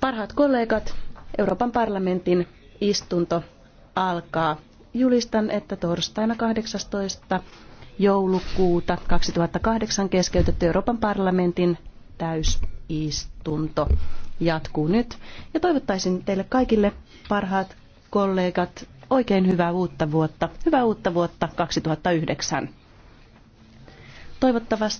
Parhaat kollegat, Euroopan parlamentin istunto alkaa. Julistan, että torstaina 18. joulukuuta 2008 keskeytetty Euroopan parlamentin täysistunto jatkuu nyt. Ja toivottaisin teille kaikille parhaat kollegat oikein hyvää uutta vuotta. Hyvää uutta vuotta 2009. Toivottavasti